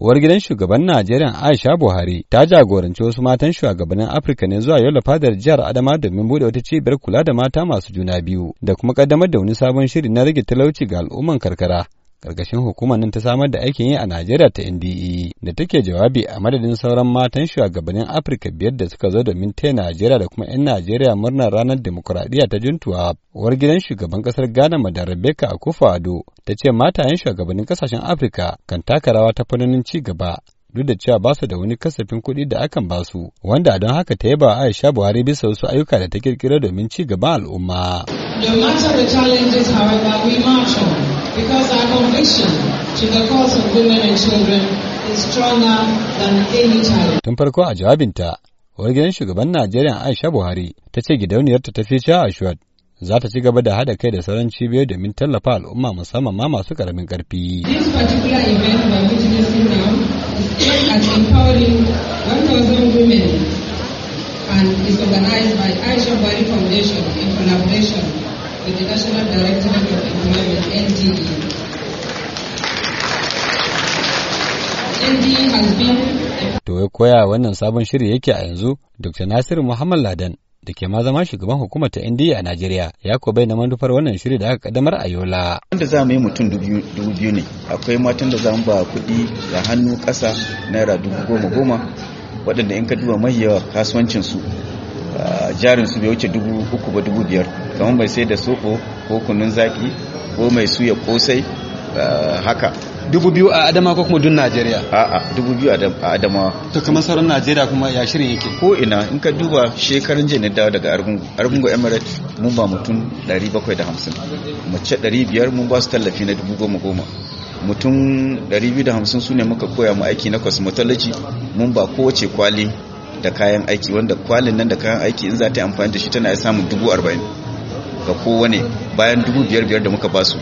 uwar gidan shugaban Najeriya Aisha Buhari ta jagoranci wasu matan shugabannin Afirka ne zuwa Yola fadar jihar Adama domin bude wata cibiyar kula da mata masu juna biyu da kuma kaddamar da wani sabon shiri na rage talauci ga al'umman karkara karkashin hukumar nan ta samar da aikin yi a Najeriya ta NDE da take jawabi a madadin sauran matan shugabannin Afirka biyar da suka zo domin taya Najeriya da kuma 'yan Najeriya murnar ranar demokuraɗiyya ta Juntuwa. Uwar gidan shugaban ƙasar Ghana Madam Rebecca Akufo-Addo ta ce matayen shugabannin ƙasashen Afirka kan taka rawa ta fannonin ci gaba duk da cewa ba su da wani kasafin kuɗi da akan ba su wanda don haka ta yaba Aisha Buhari bisa wasu ayyuka da ta kirkira domin ci gaban al'umma. because our conviction to the cause of women and children is stronger than any challenge. Tun farko a jawabinta, wani gidan shugaban Najeriya Aisha Buhari ta ce gidauniyar ta tafi cewa Ashwat za ta ci gaba da haɗa kai da sauran cibiyoyi domin tallafa al'umma musamman ma masu ƙaramin ƙarfi. This particular event by witnessing now is at empowering 1,000 women and is organized by Aisha Buhari Foundation in collaboration with the National To ya koya wannan sabon shiri yake a yanzu Dr. nasir Muhammad Ladan da ke ma zama shugaban hukumar ta indiya a najeriya ya ko bai na manufar wannan shiri da aka kaddamar a yola wanda za mu yi mutum dubu biyu ne akwai matan da za mu ba kuɗi da hannu ƙasa naira dubu goma goma waɗanda in ka duba mai yawa kasuwancin su ah, jarin su bai wuce dubu uku ba dubu biyar kamar bai sai da soko ko kunun zaki ko mai suya kosai eh, haka dubu biyu a adama ko kuma dun najeriya a'a dubu biyu a adama to kamar sauran najeriya kuma ya shirin yake ko ina in ka duba shekarun jiya na dawo daga argungu argungu emirates mun ba mutum 750 mace 500 mun ba su tallafi na dubu goma goma mutum 250 su ne muka koya mu aiki na cosmetology mun ba kowace kwali da kayan aiki wanda kwalin nan da kayan aiki in za ta yi amfani da shi tana samun dubu arba'in ga kowane bayan dubu biyar biyar da muka basu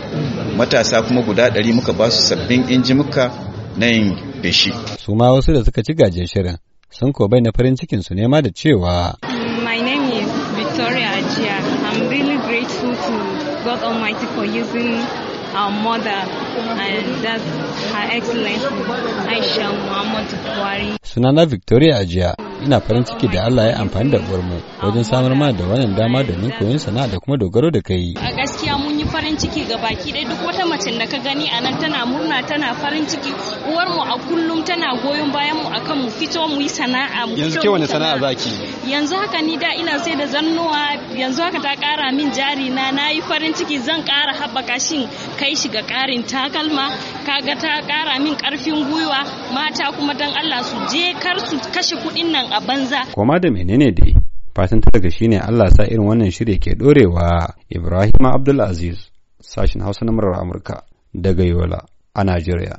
matasa kuma guda ɗari muka basu sabbin injimuka na yin beshi su ma wasu da suka ci gaje shirin sun ko bai na farin cikin su nema da cewa. my name is victoria ajiya i'm really grateful to god almighty for using our mother and that's her excellence aisha muhammadu buhari. na victoria ajiya ina farin ciki da Allah ya amfani da uwarmu wajen samar mana da wannan dama domin koyon sana'a da kuma dogaro da kai. A gaskiya mun yi farin ciki ga baki ɗaya duk wata mace da ka gani a nan tana murna tana farin ciki uwarmu a kullum tana goyon bayan mu akan mu fito mu yi sana'a. Yanzu ke wani sana'a zaki? Yanzu haka ni da ina sai da zannuwa yanzu haka ta ƙara min jari na na yi farin ciki zan ƙara haɓaka shin kai shi ga ƙarin takalma kaga ta kara min karfin gwiwa mata kuma dan Allah su je kar su kashe kuɗin nan a banza koma da menene dai fatan ta daga shine Allah sa irin wannan shirye ke dorewa Ibrahim Abdul Aziz sashin Hausa na murar Amurka daga Yola a Najeriya